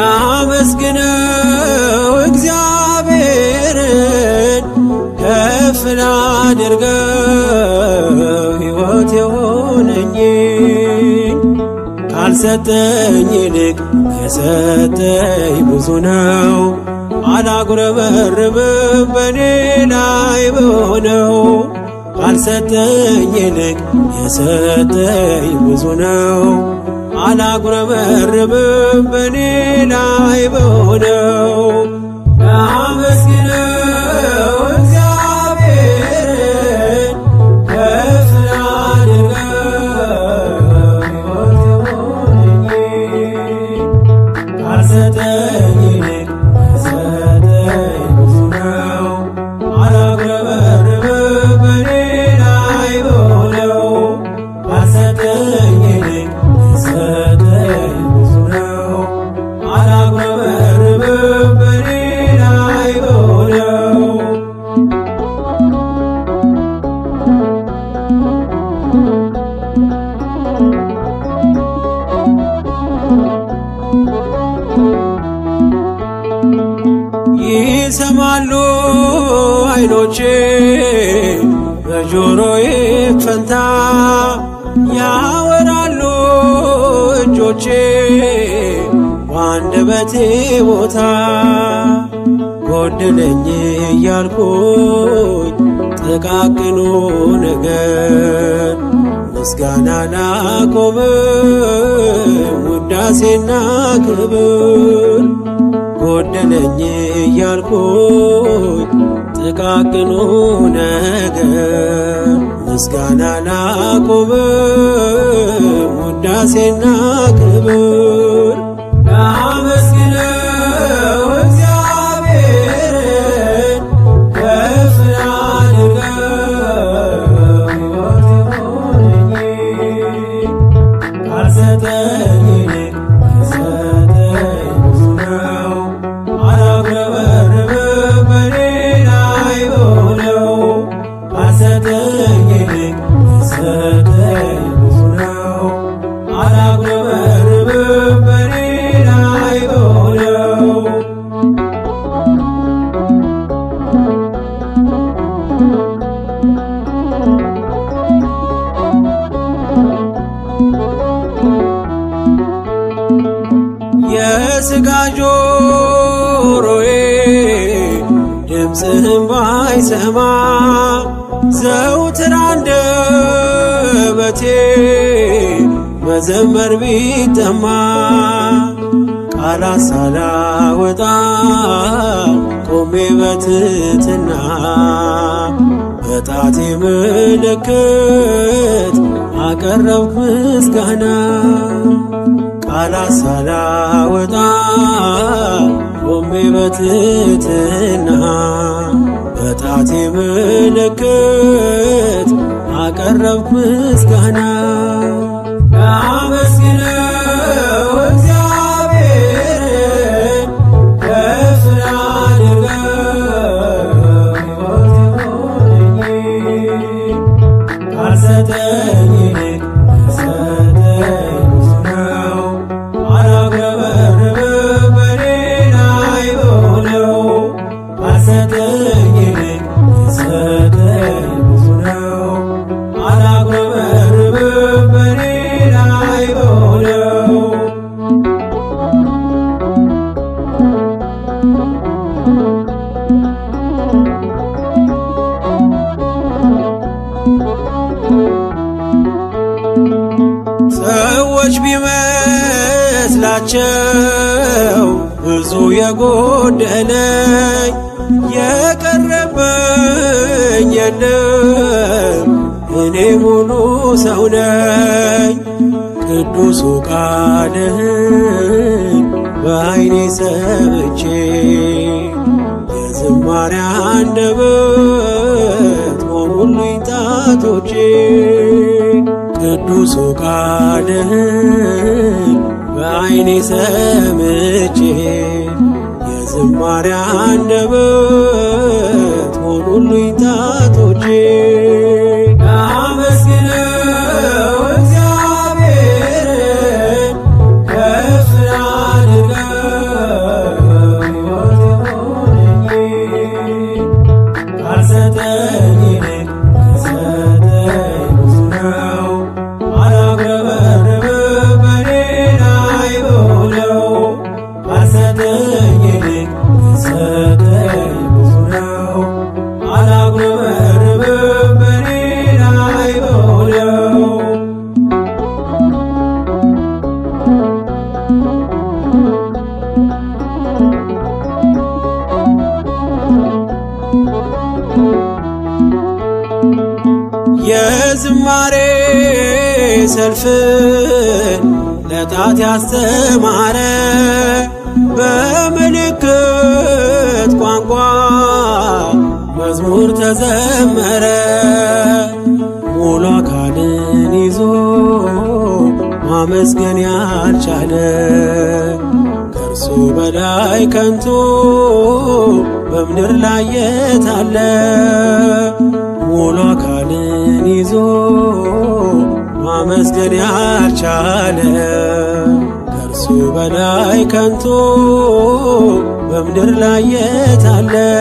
ናመስግነው እግዚአብሔርን ከፍ ላድርገው ሕይወት የሆነኝ ካልሰጠኝ ይልቅ የሰጠኝ ብዙ ነው። አላጉረበርብም በኔ ላይ በሆነው ካልሰጠኝ ይልቅ የሰጠኝ ብዙ ነው። አላጉረመርምም በኔ ላይ በሆነው ላመስግነው እግዚአብሔርን ይሰማሉ አይኖች በጆሮዬ ፈንታ ያወራሉ እጆቼ በአንደበቴ ቦታ ጎድለኝ እያልኩኝ ጥቃቅኑ ነገር ምስጋና ላቆም ውዳሴና ክብር ጎደለኝ እያልኩኝ ጥቃቅኑ ነገር ምስጋና ላቁብም ውዳሴና ክብር በስጋ ጆሮዬ ድምፅህን ባይሰማ ዘውትር አንደበቴ መዘመር ቢጠማ ቃላት ሳላወጣ ቆሜ በትትና በጣቴ ምልክት አቀረብኩ ምስጋና ቃላት ሳላወጣ ቆሜ በትህትና በጣቴ ምልክት አቀረብኩ ምስጋና ናቸው ብዙ የጎደለኝ የቀረበኝ የለም እኔ ሙሉ ሰው ነኝ። ቅዱስ ቃልህን በዐይኔ ሰምቼ የዝማሬ አንደበት በዓይኔ ሰምቼ የዝማሬ አንደበት ሆኑልኝ ጣቶቼ ዝማሬ ሰልፍ ለጣት ያስተማረ በምልክት ቋንቋ መዝሙር ተዘመረ። ሙሉ አካልን ይዞ ማመስገን ያልቻለ ከእርሱ በላይ ከንቱ በምድር ላይ የታለ ሙሉ ቃልን ይዞ ማመስገን ያልቻለ ከእርሱ በላይ ከንቱ በምድር ላይ የት አለ?